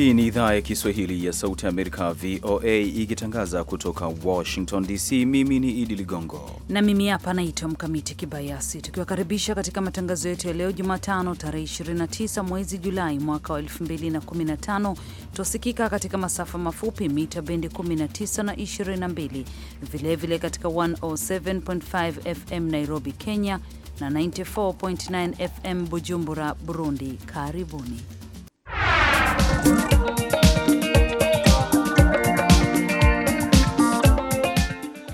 Hii ni idhaa ya Kiswahili ya Sauti Amerika, VOA, ikitangaza kutoka Washington DC. Mimi ni Idi Ligongo na mimi hapa naitwa Mkamiti Kibayasi, tukiwakaribisha katika matangazo yetu ya leo Jumatano tarehe 29 mwezi Julai mwaka wa 2015. Twasikika katika masafa mafupi mita bendi 19 na 22, vilevile katika 107.5 FM Nairobi, Kenya na 94.9 FM Bujumbura, Burundi. Karibuni.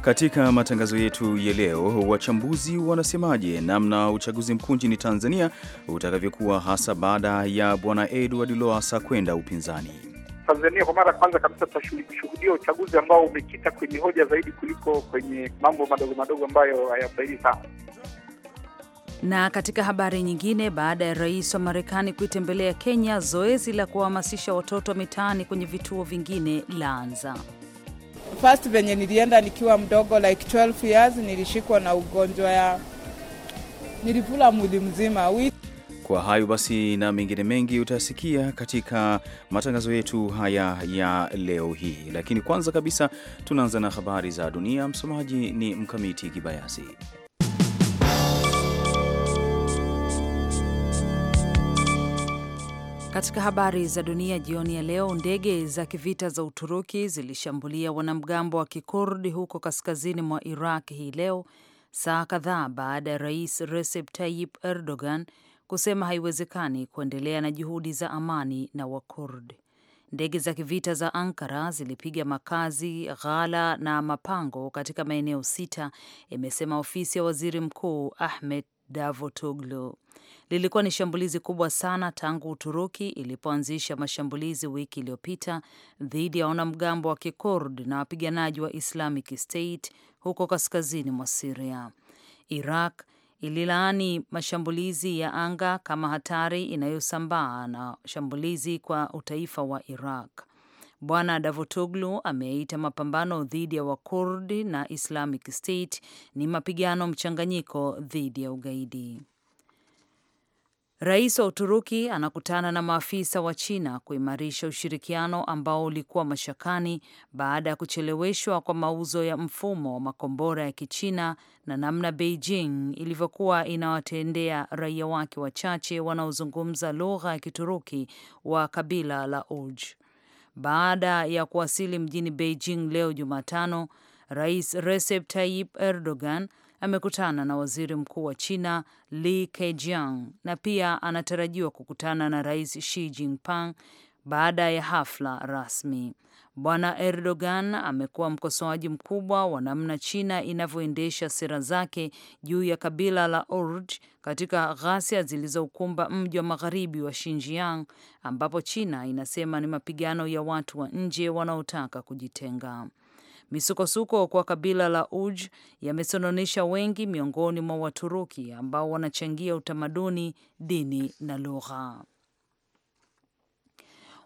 Katika matangazo yetu ya leo, wachambuzi wanasemaje namna uchaguzi mkuu nchini Tanzania utakavyokuwa hasa baada ya bwana Edward loasa kwenda upinzani. Tanzania kwa mara ya kwanza kabisa tutashuhudia uchaguzi ambao umekita kwenye hoja zaidi kuliko kwenye mambo madogo madogo ambayo hayafaidi sana. Na katika habari nyingine, baada ya rais wa Marekani kuitembelea Kenya, zoezi la kuwahamasisha watoto mitaani kwenye vituo vingine laanza. First venye nilienda nikiwa mdogo like 12 years, nilishikwa na ugonjwa ya nilivula mwili mzima. Kwa hayo basi na mengine mengi utasikia katika matangazo yetu haya ya leo hii, lakini kwanza kabisa tunaanza na habari za dunia. Msomaji ni Mkamiti Kibayasi. Katika habari za dunia jioni ya leo, ndege za kivita za Uturuki zilishambulia wanamgambo wa Kikurdi huko kaskazini mwa Iraq hii leo, saa kadhaa baada ya Rais Recep Tayyip Erdogan kusema haiwezekani kuendelea na juhudi za amani na Wakurd. Ndege za kivita za Ankara zilipiga makazi, ghala na mapango katika maeneo sita, imesema ofisi ya waziri mkuu ahmed Davutoglu. Lilikuwa ni shambulizi kubwa sana tangu Uturuki ilipoanzisha mashambulizi wiki iliyopita dhidi ya wanamgambo wa Kikurd na wapiganaji wa Islamic State huko kaskazini mwa Siria. Iraq ililaani mashambulizi ya anga kama hatari inayosambaa na shambulizi kwa utaifa wa Iraq. Bwana Davutoglu ameita mapambano dhidi ya Wakurdi na Islamic State ni mapigano mchanganyiko dhidi ya ugaidi. Rais wa Uturuki anakutana na maafisa wa China kuimarisha ushirikiano ambao ulikuwa mashakani baada ya kucheleweshwa kwa mauzo ya mfumo wa makombora ya Kichina na namna Beijing ilivyokuwa inawatendea raia wake wachache wanaozungumza lugha ya Kituruki wa kabila la Uj. Baada ya kuwasili mjini Beijing leo Jumatano, Rais Recep Tayyip Erdogan amekutana na waziri mkuu wa China Li Keqiang na pia anatarajiwa kukutana na Rais Xi Jinping baada ya hafla rasmi. Bwana Erdogan amekuwa mkosoaji mkubwa wa namna China inavyoendesha sera zake juu ya kabila la Uyghur katika ghasia zilizoukumba mji wa magharibi wa Xinjiang ambapo China inasema ni mapigano ya watu wa nje wanaotaka kujitenga. Misukosuko kwa kabila la Uj yamesononisha wengi miongoni mwa Waturuki ambao wanachangia utamaduni, dini na lugha.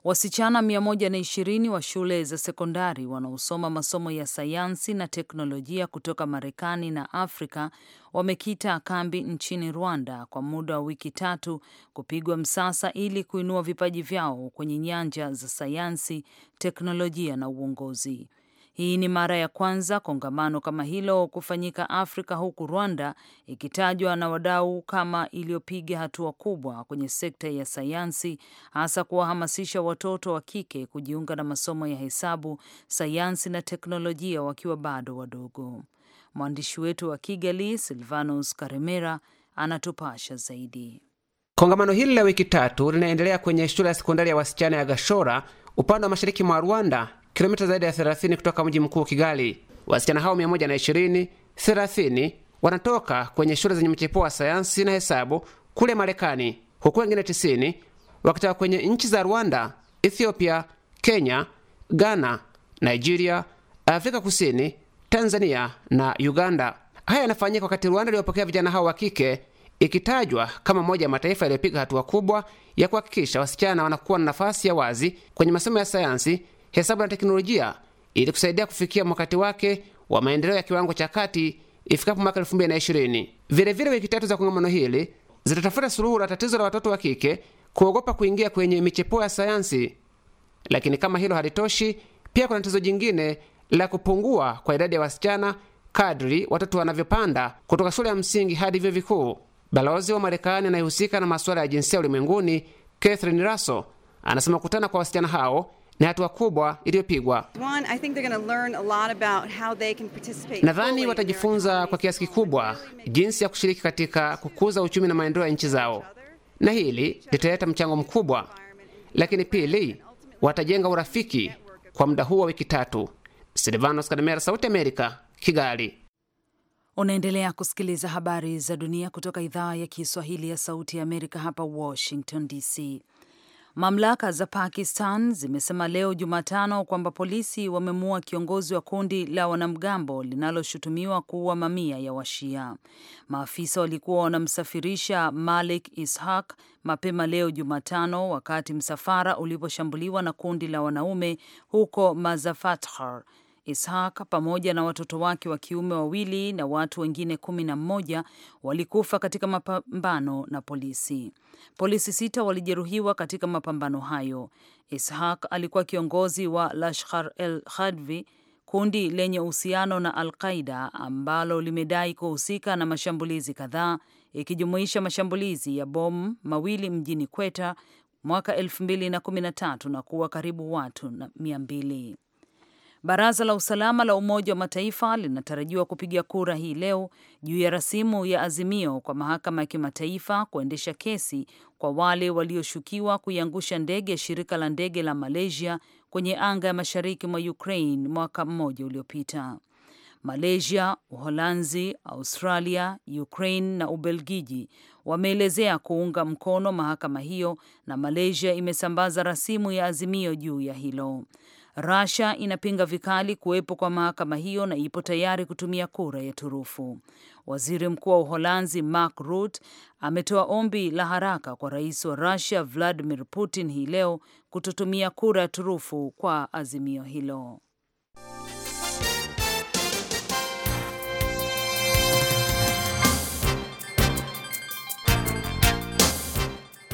Wasichana 120 wa shule za sekondari wanaosoma masomo ya sayansi na teknolojia kutoka Marekani na Afrika wamekita kambi nchini Rwanda kwa muda wa wiki tatu kupigwa msasa ili kuinua vipaji vyao kwenye nyanja za sayansi, teknolojia na uongozi. Hii ni mara ya kwanza kongamano kama hilo kufanyika Afrika, huku Rwanda ikitajwa na wadau kama iliyopiga hatua kubwa kwenye sekta ya sayansi, hasa kuwahamasisha watoto wa kike kujiunga na masomo ya hesabu, sayansi na teknolojia wakiwa bado wadogo. Mwandishi wetu wa Kigali, Silvanus Karemera, anatupasha zaidi. Kongamano hili la wiki tatu linaendelea kwenye shule ya sekondari ya wasichana ya Gashora upande wa mashariki mwa Rwanda kilomita zaidi ya 30 kutoka mji mkuu Kigali. Wasichana hao 120 30 wanatoka kwenye shule zenye mchepuo wa sayansi na hesabu kule Marekani, huku wengine 90 wakitoka kwenye nchi za Rwanda, Ethiopia, Kenya, Ghana, Nigeria, Afrika Kusini, Tanzania na Uganda. Haya yanafanyika wakati Rwanda iliyopokea vijana hao wa kike ikitajwa kama moja ya mataifa yaliyopiga hatua kubwa ya kuhakikisha wasichana wanakuwa na nafasi ya wazi kwenye masomo ya sayansi hesabu na teknolojia ili kusaidia kufikia mwakati wake wa maendeleo ya kiwango cha kati ifikapo mwaka 2020. Vilevile, wiki tatu za kongamano hili zitatafuta suluhu la tatizo la watoto wa kike kuogopa kuingia kwenye michepuo ya sayansi. Lakini kama hilo halitoshi, pia kuna tatizo jingine la kupungua kwa idadi ya wasichana kadri watoto wanavyopanda kutoka shule ya msingi hadi vyuo vikuu. Balozi wa Marekani anayehusika na masuala ya jinsia ulimwenguni Catherine Russell anasema kukutana kwa wasichana hao ni hatua kubwa iliyopigwa. Nadhani watajifunza kwa kiasi kikubwa jinsi ya kushiriki katika kukuza uchumi na maendeleo ya nchi zao, na hili litaleta mchango mkubwa. Lakini pili, watajenga urafiki kwa muda huu wa wiki tatu. Silvanos Kademera, Sauti Amerika, Kigali. Unaendelea kusikiliza habari za dunia kutoka idhaa ya Kiswahili ya Sauti ya Amerika hapa Washington DC. Mamlaka za Pakistan zimesema leo Jumatano kwamba polisi wamemuua kiongozi wa kundi la wanamgambo linaloshutumiwa kuua mamia ya Washia. Maafisa walikuwa wanamsafirisha Malik Ishaq mapema leo Jumatano wakati msafara uliposhambuliwa na kundi la wanaume huko mazafathar Ishaq pamoja na watoto wake wa kiume wawili na watu wengine kumi na mmoja walikufa katika mapambano na polisi. Polisi sita walijeruhiwa katika mapambano hayo. Ishaq alikuwa kiongozi wa Lashkar el Khadvi, kundi lenye uhusiano na Al Qaida ambalo limedai kuhusika na mashambulizi kadhaa ikijumuisha mashambulizi ya bomu mawili mjini Kweta mwaka 2013 na kuwa karibu watu na 200. Baraza la usalama la Umoja wa Mataifa linatarajiwa kupiga kura hii leo juu ya rasimu ya azimio kwa mahakama ya kimataifa kuendesha kesi kwa wale walioshukiwa kuiangusha ndege ya shirika la ndege la Malaysia kwenye anga ya mashariki mwa Ukraine mwaka mmoja uliopita. Malaysia, Uholanzi, Australia, Ukraine na Ubelgiji wameelezea kuunga mkono mahakama hiyo na Malaysia imesambaza rasimu ya azimio juu ya hilo. Russia inapinga vikali kuwepo kwa mahakama hiyo na ipo tayari kutumia kura ya turufu. Waziri Mkuu wa Uholanzi Mark Rutte ametoa ombi la haraka kwa Rais wa Russia Vladimir Putin hii leo kutotumia kura ya turufu kwa azimio hilo.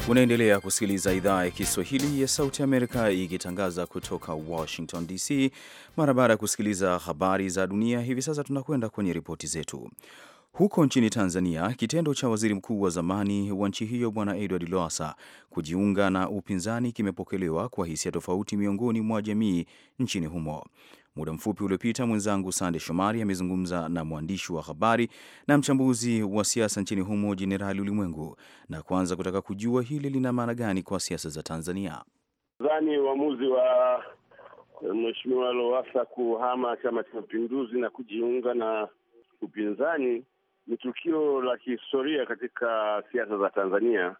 Unaendelea kusikiliza idhaa ya Kiswahili ya Sauti Amerika ikitangaza kutoka Washington DC. Mara baada ya kusikiliza habari za dunia, hivi sasa tunakwenda kwenye ripoti zetu. Huko nchini Tanzania, kitendo cha waziri mkuu wa zamani wa nchi hiyo Bwana Edward Lowassa kujiunga na upinzani kimepokelewa kwa hisia tofauti miongoni mwa jamii nchini humo. Muda mfupi uliopita mwenzangu Sande Shomari amezungumza na mwandishi wa habari na mchambuzi wa siasa nchini humo Jenerali Ulimwengu, na kwanza kutaka kujua hili lina maana gani kwa siasa za Tanzania. Nadhani uamuzi wa eh, Mheshimiwa lowasa kuhama Chama cha Mapinduzi na kujiunga na upinzani ni tukio la kihistoria katika siasa za Tanzania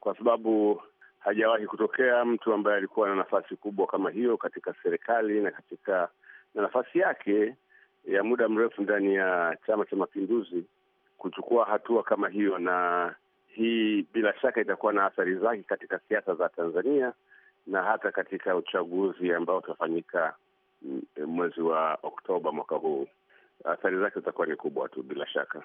kwa sababu hajawahi kutokea mtu ambaye alikuwa na nafasi kubwa kama hiyo katika serikali na katika na nafasi yake ya muda mrefu ndani ya Chama cha Mapinduzi kuchukua hatua kama hiyo, na hii bila shaka itakuwa na athari zake katika siasa za Tanzania na hata katika uchaguzi ambao utafanyika mm, mwezi wa Oktoba mwaka huu. Athari zake zitakuwa ni kubwa tu bila shaka.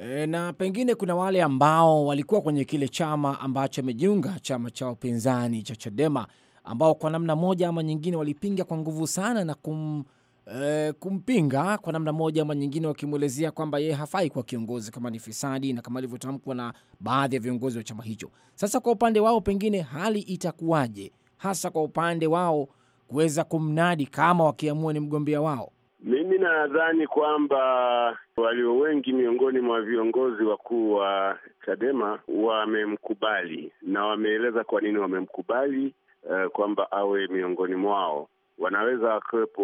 E, na pengine kuna wale ambao walikuwa kwenye kile chama ambacho amejiunga chama cha upinzani cha Chadema ambao kwa namna moja ama nyingine walipinga kwa nguvu sana na kum Eh, kumpinga kwa namna moja ama nyingine, wakimwelezea kwamba yeye hafai kwa kiongozi kama ni fisadi na kama ilivyotamkwa na baadhi ya viongozi wa chama hicho. Sasa kwa upande wao, pengine hali itakuwaje, hasa kwa upande wao kuweza kumnadi kama wakiamua ni mgombea wao? Mimi nadhani kwamba walio wengi miongoni mwa viongozi wakuu wa Chadema wamemkubali na wameeleza kwa nini wamemkubali, uh, kwamba awe miongoni mwao wanaweza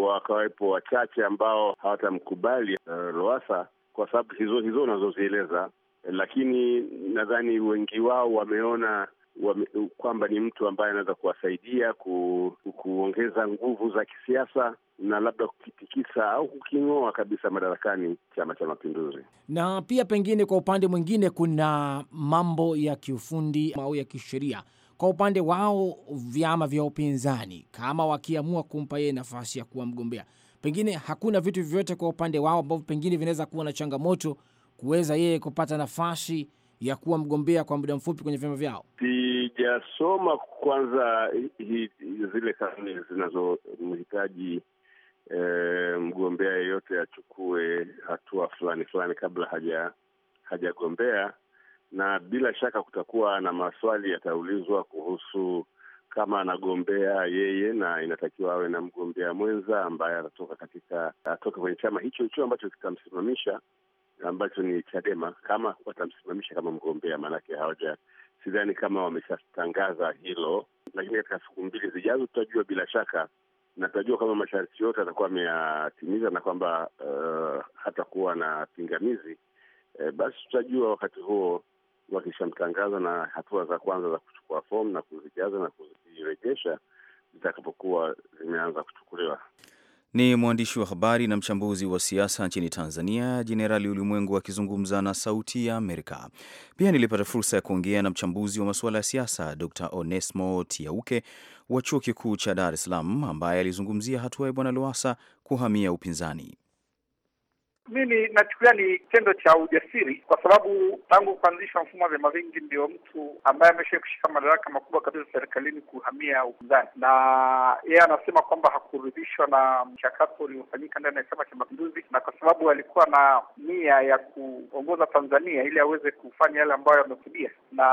wakawepo wachache ambao hawatamkubali uh, Loasa kwa sababu hizo hizo unazozieleza, lakini nadhani wengi wao wameona wame, kwamba ni mtu ambaye anaweza kuwasaidia ku, kuongeza nguvu za kisiasa na labda kukitikisa au kuking'oa kabisa madarakani Chama cha Mapinduzi. Na pia pengine kwa upande mwingine kuna mambo ya kiufundi au ya kisheria kwa upande wao vyama vya upinzani kama wakiamua kumpa yeye nafasi ya kuwa mgombea, pengine hakuna vitu vyovyote kwa upande wao ambavyo pengine vinaweza kuwa na changamoto kuweza yeye kupata nafasi ya kuwa mgombea kwa muda mfupi kwenye vyama vyao. Sijasoma kwanza hi, zile kanuni zinazomhitaji e, eh, mgombea yeyote achukue hatua fulani fulani kabla haja hajagombea na bila shaka kutakuwa na maswali yataulizwa kuhusu kama anagombea yeye na inatakiwa awe na mgombea mwenza ambaye atatoka katika atoke kwenye chama hicho hicho ambacho kitamsimamisha ambacho ni Chadema, kama watamsimamisha kama mgombea, maanake hawaja, sidhani kama wameshatangaza hilo, lakini katika siku mbili zijazo tutajua bila shaka, na tutajua kama masharti yote atakuwa ameyatimiza na kwamba uh, hatakuwa na pingamizi eh, basi tutajua wakati huo wakishamtangaza na hatua za kwanza za kuchukua fomu na kuzijaza na kuzirejesha zitakapokuwa zimeanza kuchukuliwa. Ni mwandishi wa habari na mchambuzi wa siasa nchini Tanzania, Jenerali Ulimwengu akizungumza na Sauti ya Amerika. Pia nilipata fursa ya kuongea na mchambuzi wa masuala ya siasa Dr Onesmo Tiauke wa Chuo Kikuu cha Dar es Salaam, ambaye alizungumzia hatua ya Bwana Lowasa kuhamia upinzani. Mimi nachukulia ni kitendo cha ujasiri, kwa sababu tangu kuanzishwa mfumo wa vyama vingi, ndio mtu ambaye amesha kushika madaraka makubwa kabisa serikalini kuhamia upinzani, na yeye anasema kwamba hakuridhishwa na mchakato uliofanyika ndani ya Chama cha Mapinduzi, na kwa sababu alikuwa na nia ya kuongoza Tanzania ili aweze kufanya yale ambayo amekusudia, na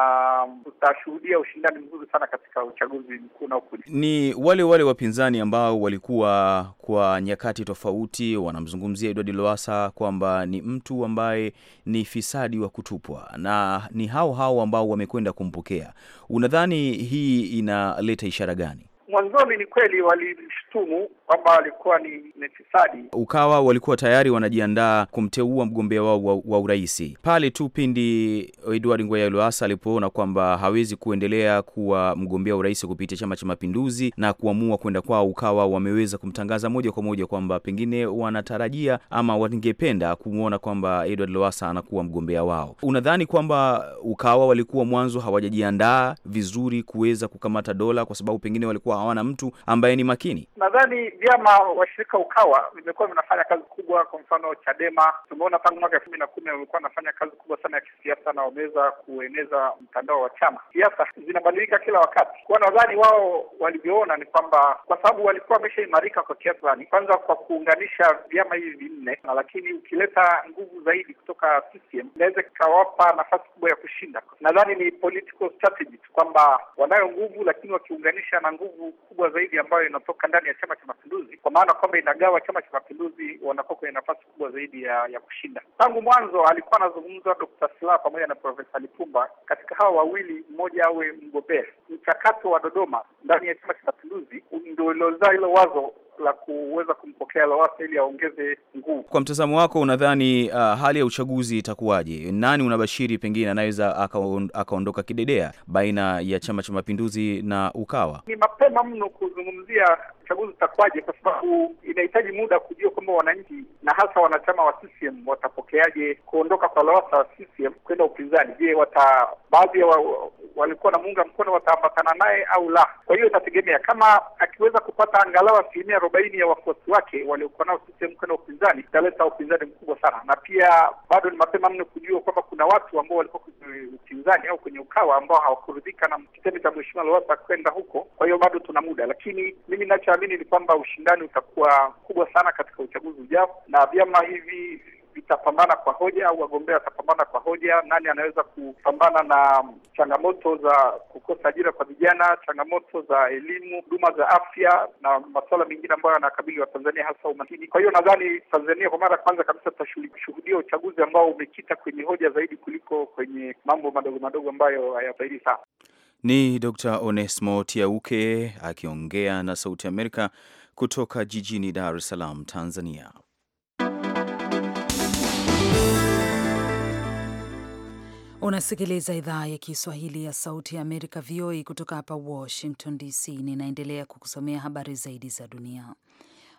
utashuhudia ushindani mzuri sana katika uchaguzi mkuu unaokuja. Ni wale wale wapinzani ambao walikuwa kwa nyakati tofauti wanamzungumzia Edward Lowassa kwamba ni mtu ambaye ni fisadi wa kutupwa, na ni hao hao ambao wamekwenda kumpokea. Unadhani hii inaleta ishara gani? Mwanzoni ni kweli walimshutumu kwamba walikuwa ni nefisadi Ukawa walikuwa tayari wanajiandaa kumteua mgombea wao wa, wa uraisi pale tu pindi Edward Ngoyai Lowassa alipoona kwamba hawezi kuendelea kuwa mgombea wa urais kupitia Chama cha Mapinduzi na kuamua kwenda kwao, Ukawa wameweza kumtangaza moja kwa moja kwamba pengine wanatarajia ama wangependa kumwona kwamba Edward Lowassa anakuwa mgombea wao. Unadhani kwamba Ukawa walikuwa mwanzo hawajajiandaa vizuri kuweza kukamata dola, kwa sababu pengine walikuwa hawana mtu ambaye ni makini. Nadhani vyama washirika UKAWA vimekuwa vinafanya kazi kubwa. Kwa mfano CHADEMA tumeona tangu mwaka elfu mbili na kumi wamekuwa wanafanya kazi kubwa sana ya kisiasa na wameweza kueneza mtandao wa chama. Siasa zinabadilika kila wakati, kwa nadhani wao walivyoona ni kwamba kwa sababu walikuwa wameshaimarika kwa kiasi fulani, kwanza kwa kuunganisha vyama hivi vinne, lakini ukileta nguvu zaidi kutoka CCM inaweza ikawapa nafasi kubwa ya kushinda. Nadhani ni political strategy kwamba wanayo nguvu, lakini wakiunganisha na nguvu kubwa zaidi ambayo inatoka ndani ya Chama cha Mapinduzi, kwa maana kwamba inagawa Chama cha Mapinduzi, wanakuwa kwenye nafasi kubwa zaidi ya ya kushinda. Tangu mwanzo alikuwa anazungumza Dr. Slaa pamoja na Profesa Lipumba, katika hawa wawili mmoja awe mgombea. Mchakato wa Dodoma ndani ya Chama cha Mapinduzi ndio uliozaa hilo wazo la kuweza kumpokea Lowassa ili aongeze nguvu. Kwa mtazamo wako, unadhani uh, hali ya uchaguzi itakuwaje? Nani unabashiri pengine anaweza akaondoka kidedea baina ya Chama cha Mapinduzi na Ukawa? Ni mapema mno kuzungumzia uchaguzi utakuwaje, kwa sababu inahitaji muda kujua kwamba wananchi na hasa wanachama wa CCM watapokeaje kuondoka kwa Lowassa wa CCM kwenda upinzani. Je, wata baadhi ya wa, walikuwa na muunga mkono wataambatana naye au la? Kwa hiyo itategemea kama akiweza kupata angalau asilimia arobaini ya wafuasi wake waliokuwa nao CCM kwenda upinzani italeta upinzani mkubwa sana, na pia bado ni mapema mno kujua kwamba kuna watu ambao walikuwa kwenye upinzani au kwenye UKAWA ambao hawakuridhika na kitendo cha mheshimiwa Lowassa kwenda huko. Kwa hiyo bado tuna muda, lakini mimi ninachoamini ni kwamba ushindani utakuwa kubwa sana katika uchaguzi ujao, na vyama hivi vitapambana kwa hoja au wagombea watapambana kwa hoja. Nani anaweza kupambana na changamoto za kukosa ajira kwa vijana, changamoto za elimu, huduma za afya na masuala mengine ambayo yanakabili Watanzania, hasa umaskini. Kwa hiyo nadhani Tanzania kwa mara ya kwanza kabisa tutashuhudia uchaguzi ambao umekita kwenye hoja zaidi kuliko kwenye mambo madogo madogo ambayo hayafaidi sana. Ni Dr. Onesmo Tiauke akiongea na Sauti Amerika kutoka jijini Dar es Salaam, Tanzania. Unasikiliza idhaa ya Kiswahili ya Sauti ya Amerika, VOA, e, kutoka hapa Washington DC. Ninaendelea kukusomea habari zaidi za dunia.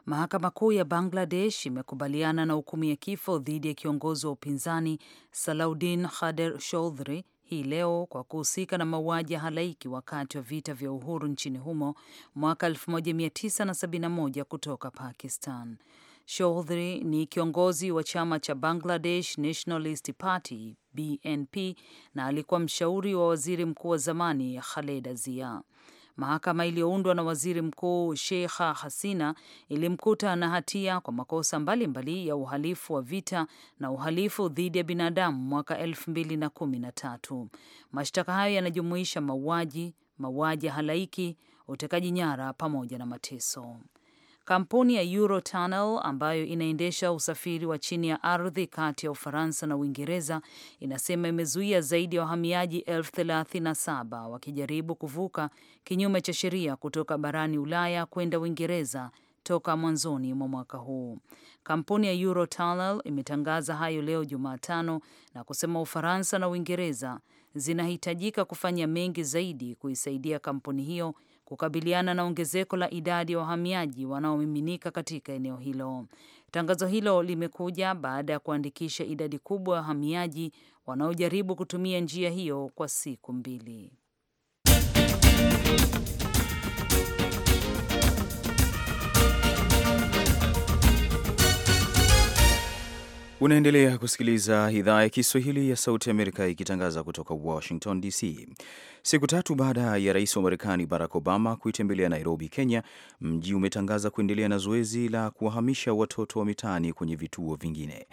Mahakama Kuu ya Bangladesh imekubaliana na hukumu ya kifo dhidi ya kiongozi wa upinzani Salaudin Khader Choudhry hii leo kwa kuhusika na mauaji ya halaiki wakati wa vita vya uhuru nchini humo mwaka 1971 kutoka Pakistan. Choudhry ni kiongozi wa chama cha Bangladesh Nationalist Party BNP na alikuwa mshauri wa waziri mkuu wa zamani Khaleda Zia. Mahakama iliyoundwa na waziri mkuu Sheikha Hasina ilimkuta na hatia kwa makosa mbalimbali mbali ya uhalifu wa vita na uhalifu dhidi ya binadamu mwaka elfu mbili na kumi na tatu. Mashtaka hayo yanajumuisha mauaji, mauaji halaiki, utekaji nyara pamoja na mateso. Kampuni ya Eurotunnel ambayo inaendesha usafiri wa chini ya ardhi kati ya Ufaransa na Uingereza inasema imezuia zaidi ya wahamiaji elfu thelathini na saba wakijaribu kuvuka kinyume cha sheria kutoka barani Ulaya kwenda Uingereza toka mwanzoni mwa mwaka huu. Kampuni ya Eurotunnel imetangaza hayo leo Jumatano na kusema Ufaransa na Uingereza zinahitajika kufanya mengi zaidi kuisaidia kampuni hiyo kukabiliana na ongezeko la idadi ya wahamiaji wanaomiminika katika eneo hilo. Tangazo hilo limekuja baada ya kuandikisha idadi kubwa ya wahamiaji wanaojaribu kutumia njia hiyo kwa siku mbili. Unaendelea kusikiliza idhaa ya Kiswahili ya Sauti Amerika ikitangaza kutoka Washington DC. Siku tatu baada ya rais wa Marekani Barack Obama kuitembelea Nairobi, Kenya, mji umetangaza kuendelea na zoezi la kuwahamisha watoto wa mitaani kwenye vituo vingine.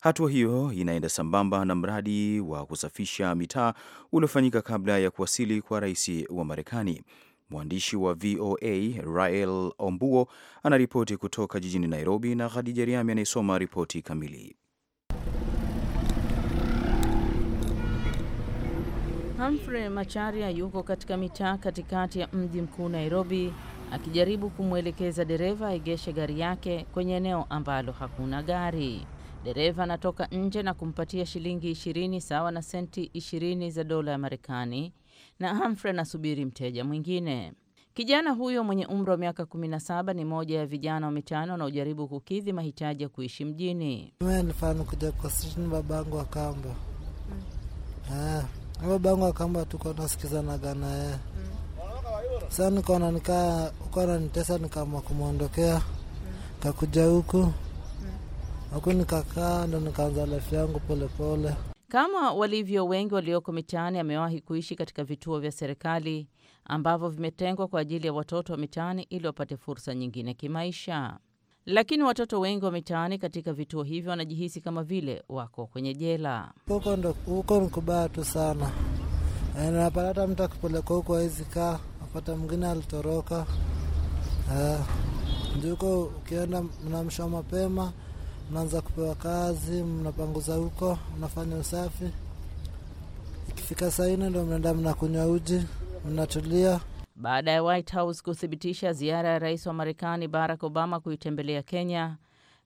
Hatua hiyo inaenda sambamba na mradi wa kusafisha mitaa uliofanyika kabla ya kuwasili kwa rais wa Marekani. Mwandishi wa VOA Rael Ombuo anaripoti kutoka jijini Nairobi na Khadija Riami anayesoma ripoti kamili. Humphrey Macharia yuko katika mitaa katikati ya mji mkuu Nairobi akijaribu kumwelekeza dereva aegeshe gari yake kwenye eneo ambalo hakuna gari. Dereva anatoka nje na kumpatia shilingi ishirini sawa na senti ishirini za dola ya Marekani, na Humphrey anasubiri mteja mwingine. Kijana huyo mwenye umri wa miaka 17 ni moja ya vijana wa mitano wanaojaribu kukidhi mahitaji ya kuishi mjini. Nilifaa kuja kwa station, babangu akaamba Mm. na babangu akaamba tuko nasikizanaga na yeye saa nikaona nikaa huko ananitesa, nikaamua kumwondokea kakuja huku aku mm. nikakaa, ndo nikaanza lafu yangu polepole. Kama walivyo wengi walioko mitaani, amewahi kuishi katika vituo vya serikali ambavyo vimetengwa kwa ajili ya watoto wa mitaani ili wapate fursa nyingine kimaisha lakini watoto wengi wa mitaani katika vituo hivyo wanajihisi kama vile wako kwenye jela. Huko ndo huko ni kubaya tu sana, eh, napata hata mtu akipelekwa huko hawezi kaa, napata mwingine alitoroka juu eh, Ukienda mnamshwa mapema, mnaanza kupewa kazi, mnapanguza huko, mnafanya usafi, ikifika saa nne ndo mnaenda mnakunywa uji, mnatulia baada ya White House kuthibitisha ziara ya rais wa Marekani Barack Obama kuitembelea Kenya,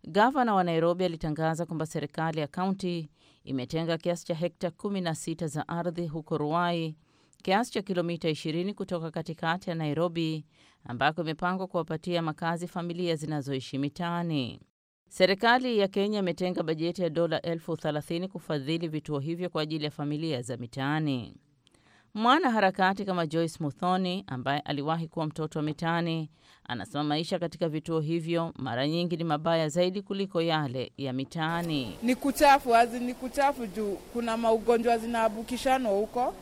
gavana wa Nairobi alitangaza kwamba serikali ya kaunti imetenga kiasi cha hekta 16 za ardhi huko Ruai, kiasi cha kilomita 20 kutoka katikati ya Nairobi, ambako imepangwa kuwapatia makazi familia zinazoishi mitaani. Serikali ya Kenya imetenga bajeti ya dola elfu 30 kufadhili vituo hivyo kwa ajili ya familia za mitaani mwana harakati kama Joyce Muthoni ambaye aliwahi kuwa mtoto wa mitaani anasema maisha katika vituo hivyo mara nyingi ni mabaya zaidi kuliko yale ya mitaani. Ni kuchafu azi, ni kuchafu juu kuna maugonjwa zinaabukishanwa huko.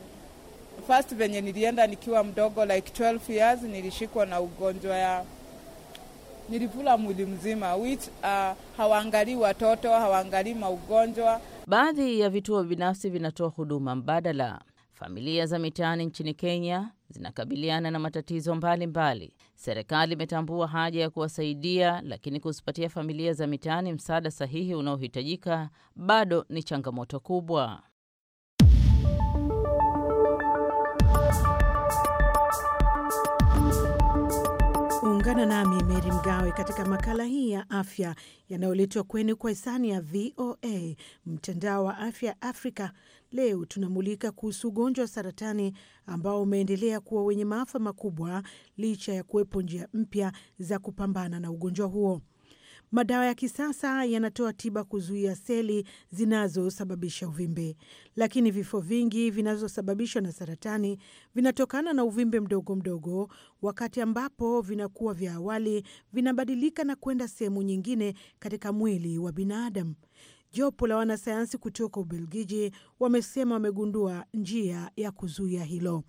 First venye nilienda nikiwa mdogo like 12 years, nilishikwa na ugonjwa ya nilivula mwili mzima which uh, hawaangalii watoto hawaangalii maugonjwa. Baadhi ya vituo binafsi vinatoa huduma mbadala Familia za mitaani nchini Kenya zinakabiliana na matatizo mbalimbali. Serikali imetambua haja ya kuwasaidia, lakini kuzipatia familia za mitaani msaada sahihi unaohitajika bado ni changamoto kubwa. Ungana nami Meri Mgawe katika makala hii ya afya yanayoletwa kwenu kwa hisani ya VOA mtandao wa afya Afrika. Leo tunamulika kuhusu ugonjwa wa saratani ambao umeendelea kuwa wenye maafa makubwa licha ya kuwepo njia mpya za kupambana na ugonjwa huo. Madawa ya kisasa yanatoa tiba kuzuia seli zinazosababisha uvimbe, lakini vifo vingi vinazosababishwa na saratani vinatokana na uvimbe mdogo mdogo, wakati ambapo vinakuwa vya awali, vinabadilika na kwenda sehemu nyingine katika mwili wa binadamu. Jopo la wanasayansi kutoka Ubelgiji wamesema wamegundua njia ya kuzuia hilo.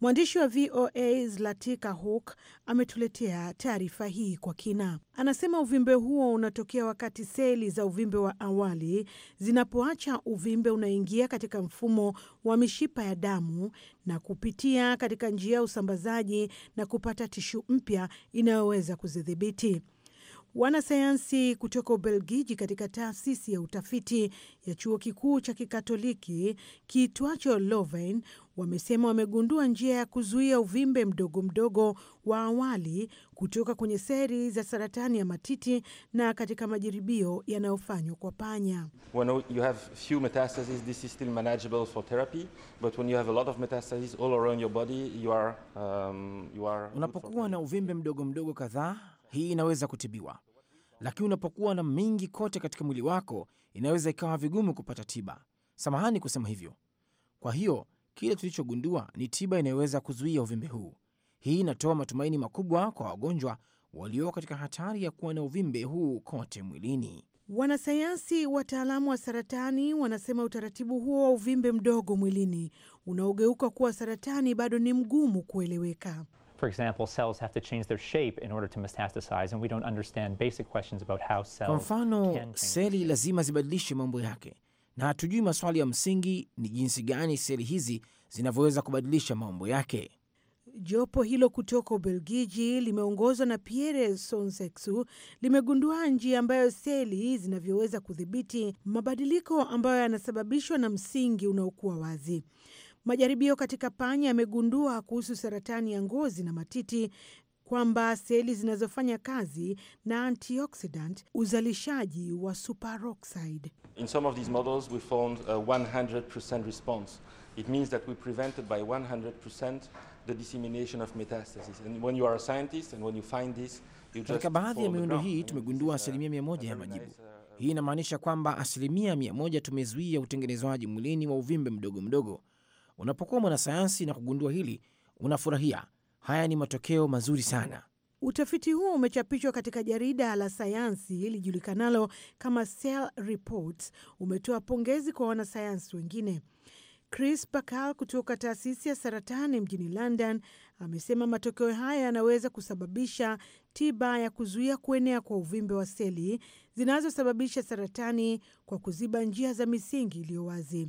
Mwandishi wa VOA Zlatika Hook ametuletea taarifa hii kwa kina. Anasema uvimbe huo unatokea wakati seli za uvimbe wa awali zinapoacha uvimbe, unaingia katika mfumo wa mishipa ya damu na kupitia katika njia ya usambazaji na kupata tishu mpya inayoweza kuzidhibiti. Wanasayansi kutoka Ubelgiji katika taasisi ya utafiti ya chuo kikuu cha kikatoliki kiitwacho Leuven wamesema wamegundua njia ya kuzuia uvimbe mdogo mdogo wa awali kutoka kwenye seli za saratani ya matiti na katika majaribio yanayofanywa kwa panya. Unapokuwa na uvimbe mdogo mdogo kadhaa hii inaweza kutibiwa, lakini unapokuwa na mingi kote katika mwili wako inaweza ikawa vigumu kupata tiba. Samahani kusema hivyo. Kwa hiyo kile tulichogundua ni tiba inayoweza kuzuia uvimbe huu. Hii inatoa matumaini makubwa kwa wagonjwa walio katika hatari ya kuwa na uvimbe huu kote mwilini. Wanasayansi wataalamu wa saratani wanasema utaratibu huo wa uvimbe mdogo mwilini unaogeuka kuwa saratani bado ni mgumu kueleweka. For example, cells have to change their shape in order to metastasize and we don't understand basic questions about how cells. Kwa mfano, seli lazima zibadilishe mambo yake na hatujui maswali ya msingi ni jinsi gani seli hizi zinavyoweza kubadilisha mambo yake. Jopo hilo kutoka Ubelgiji limeongozwa na Pierre Sonseksu limegundua njia ambayo seli zinavyoweza kudhibiti mabadiliko ambayo yanasababishwa na msingi unaokuwa wazi. Majaribio katika panya yamegundua kuhusu saratani ya ngozi na matiti kwamba seli zinazofanya kazi na antioksidant uzalishaji wa superoxide. In some of these models we found a 100% response. It means that we prevented by 100% the dissemination of metastasis. And when you are a scientist and when you find this, you just Katika baadhi ya miundo hii tumegundua uh, asilimia mia moja ya majibu. Uh, hii inamaanisha kwamba asilimia mia moja tumezuia utengenezwaji mwilini wa uvimbe mdogo mdogo Unapokuwa mwanasayansi na kugundua hili, unafurahia. Haya ni matokeo mazuri sana. Utafiti huo umechapishwa katika jarida la sayansi lijulikanalo kama Cell Reports. Umetoa pongezi kwa wanasayansi wengine. Chris Bakal kutoka taasisi ya saratani mjini London amesema matokeo haya yanaweza kusababisha tiba ya kuzuia kuenea kwa uvimbe wa seli zinazosababisha saratani kwa kuziba njia za misingi iliyo wazi.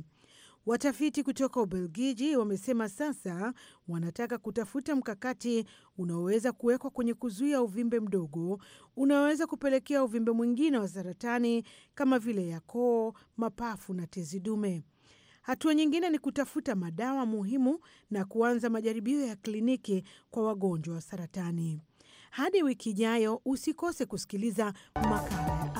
Watafiti kutoka Ubelgiji wamesema sasa wanataka kutafuta mkakati unaoweza kuwekwa kwenye kuzuia uvimbe mdogo unaoweza kupelekea uvimbe mwingine wa saratani kama vile ya koo, mapafu na tezi dume. Hatua nyingine ni kutafuta madawa muhimu na kuanza majaribio ya kliniki kwa wagonjwa wa saratani. Hadi wiki ijayo, usikose kusikiliza makala.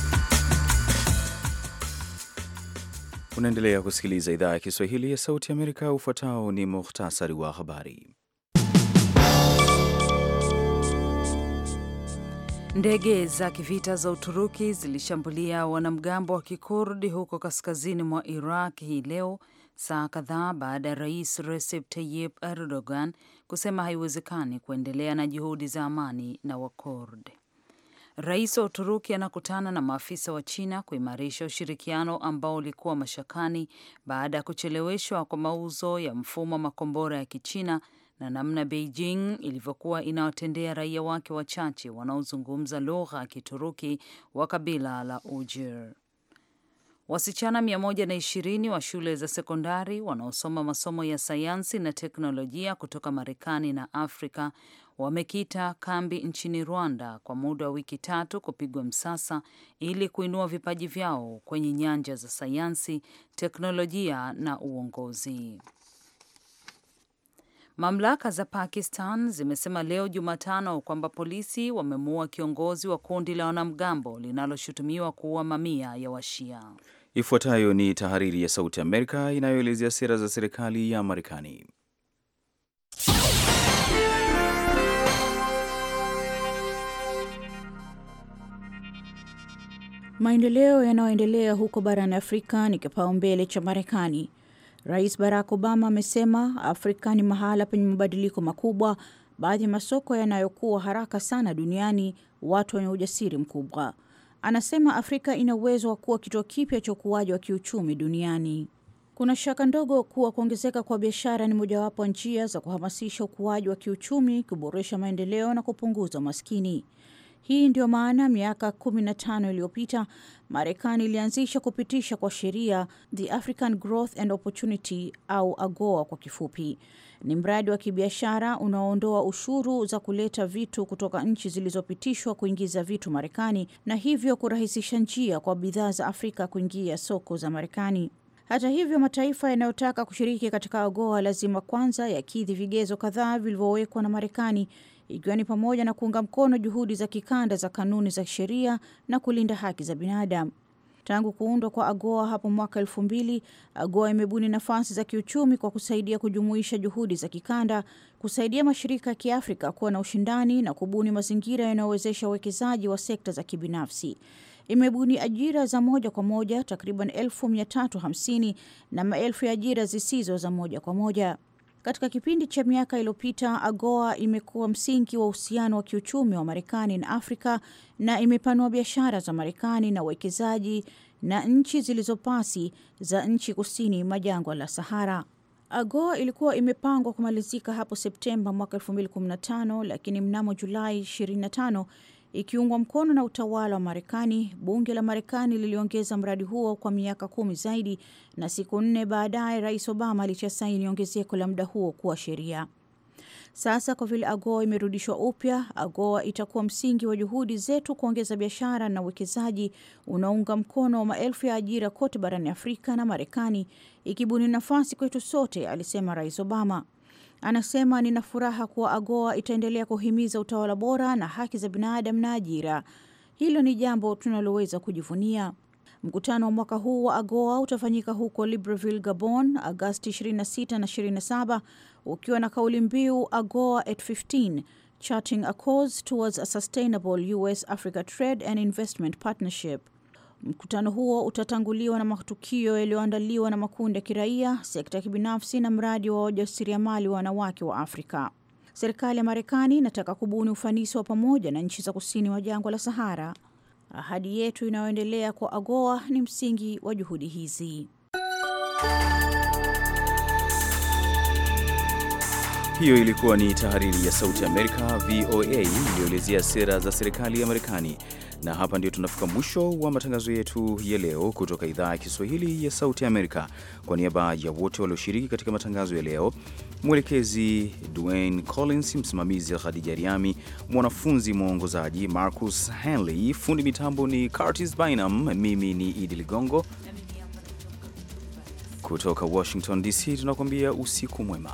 Unaendelea kusikiliza idhaa ya Kiswahili ya Sauti ya Amerika. Ufuatao ni muhtasari wa habari. Ndege za kivita za Uturuki zilishambulia wanamgambo wa kikurdi huko kaskazini mwa Iraq hii leo saa kadhaa baada ya rais Recep Tayyip Erdogan kusema haiwezekani kuendelea na juhudi za amani na Wakurdi. Rais wa Uturuki anakutana na maafisa wa China kuimarisha ushirikiano ambao ulikuwa mashakani baada ya kucheleweshwa kwa mauzo ya mfumo wa makombora ya Kichina na namna Beijing ilivyokuwa inawatendea raia wake wachache wanaozungumza lugha ya Kituruki wa kabila la ujir Wasichana 120 wa shule za sekondari wanaosoma masomo ya sayansi na teknolojia kutoka Marekani na Afrika wamekita kambi nchini Rwanda kwa muda wa wiki tatu kupigwa msasa ili kuinua vipaji vyao kwenye nyanja za sayansi, teknolojia na uongozi. Mamlaka za Pakistan zimesema leo Jumatano kwamba polisi wamemuua kiongozi wa kundi la wanamgambo linaloshutumiwa kuua mamia ya Washia. Ifuatayo ni tahariri ya Sauti Amerika inayoelezea sera za serikali ya Marekani. Maendeleo yanayoendelea huko barani Afrika ni kipaumbele cha Marekani. Rais Barack Obama amesema Afrika ni mahala penye mabadiliko makubwa, baadhi ya masoko yanayokuwa haraka sana duniani, watu wenye ujasiri mkubwa. Anasema Afrika ina uwezo wa kuwa kituo kipya cha ukuaji wa kiuchumi duniani. Kuna shaka ndogo kuwa kuongezeka kwa biashara ni mojawapo njia za kuhamasisha ukuaji wa kiuchumi, kuboresha maendeleo na kupunguza umaskini. Hii ndio maana miaka 15 iliyopita Marekani ilianzisha kupitisha kwa sheria the African Growth and Opportunity au AGOA kwa kifupi. Ni mradi wa kibiashara unaoondoa ushuru za kuleta vitu kutoka nchi zilizopitishwa kuingiza vitu Marekani na hivyo kurahisisha njia kwa bidhaa za Afrika kuingia soko za Marekani. Hata hivyo, mataifa yanayotaka kushiriki katika AGOA lazima kwanza yakidhi vigezo kadhaa vilivyowekwa na Marekani ikiwa ni pamoja na kuunga mkono juhudi za kikanda za kanuni za sheria na kulinda haki za binadamu. Tangu kuundwa kwa AGOA hapo mwaka elfu mbili, AGOA imebuni nafasi za kiuchumi kwa kusaidia kujumuisha juhudi za kikanda, kusaidia mashirika ya kiafrika kuwa na ushindani na kubuni mazingira yanayowezesha uwekezaji wa sekta za kibinafsi. Imebuni ajira za moja kwa moja takriban elfu mia tatu hamsini na maelfu ya ajira zisizo za moja kwa moja. Katika kipindi cha miaka iliyopita, AGOA imekuwa msingi wa uhusiano wa kiuchumi wa Marekani na Afrika na imepanua biashara za Marekani na uwekezaji na nchi zilizopasi za nchi kusini mwa jangwa la Sahara. AGOA ilikuwa imepangwa kumalizika hapo Septemba mwaka 2015 lakini mnamo Julai Ikiungwa mkono na utawala wa Marekani, bunge la Marekani liliongeza mradi huo kwa miaka kumi zaidi, na siku nne baadaye Rais Obama alichasaini ongezeko la muda huo kuwa sheria. Sasa kwa vile AGOA imerudishwa upya, AGOA itakuwa msingi wa juhudi zetu kuongeza biashara na uwekezaji unaounga mkono wa maelfu ya ajira kote barani Afrika na Marekani, ikibuni nafasi kwetu sote, alisema Rais Obama. Anasema nina furaha kuwa AGOA itaendelea kuhimiza utawala bora na haki za binadamu na ajira. Hilo ni jambo tunaloweza kujivunia. Mkutano wa mwaka huu wa AGOA utafanyika huko Libreville, Gabon, Agasti 26 na 27, ukiwa na kauli mbiu AGOA at 15 charting a course towards a sustainable US Africa trade and investment partnership. Mkutano huo utatanguliwa na matukio yaliyoandaliwa na makundi ya kiraia, sekta ya kibinafsi na mradi wa wajasiriamali wa wanawake wa Afrika. Serikali ya Marekani inataka kubuni ufanisi wa pamoja na nchi za kusini wa jangwa la Sahara. Ahadi yetu inayoendelea kwa AGOA ni msingi wa juhudi hizi. Hiyo ilikuwa ni tahariri ya Sauti Amerika, VOA, iliyoelezea sera za serikali ya Marekani. Na hapa ndio tunafika mwisho wa matangazo yetu ya leo kutoka idhaa ya Kiswahili ya Sauti Amerika. Kwa niaba ya wote walioshiriki katika matangazo ya leo, mwelekezi Dwayne Collins, msimamizi Khadija Riami, mwanafunzi mwongozaji Marcus Henley, fundi mitambo ni Curtis Bynum, mimi ni Idi Ligongo kutoka Washington DC, tunakuambia usiku mwema.